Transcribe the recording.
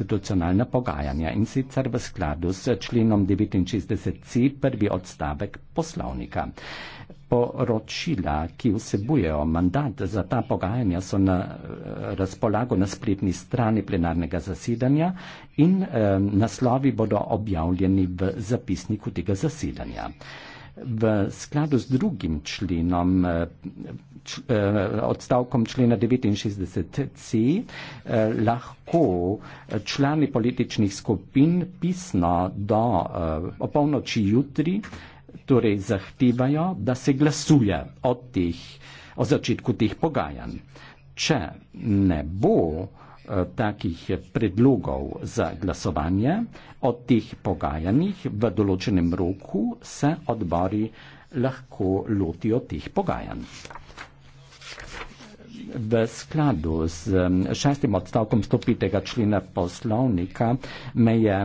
institucionalna pogajanja in sicer v skladu s členom 69c prvi odstavek poslovnika. Poročila, ki vsebujejo mandat za ta pogajanja, so na razpolago na spletni strani plenarnega zasedanja in eh, naslovi bodo objavljeni v zapisniku tega zasedanja v skladu z drugim členom, eh, eh, odstavkom člena 69c, eh, lahko člani političnih skupin pisno do opolnoči jutri torej zahtevajo, da se glasuje o, teh, o začetku teh pogajanj. Če ne bo takih predlogov za glasovanje. Od teh pogajanjih v določenem roku se odbori lahko lotijo teh pogajanj. V skladu s um, šestim odstavkom 105. člena poslovnika me je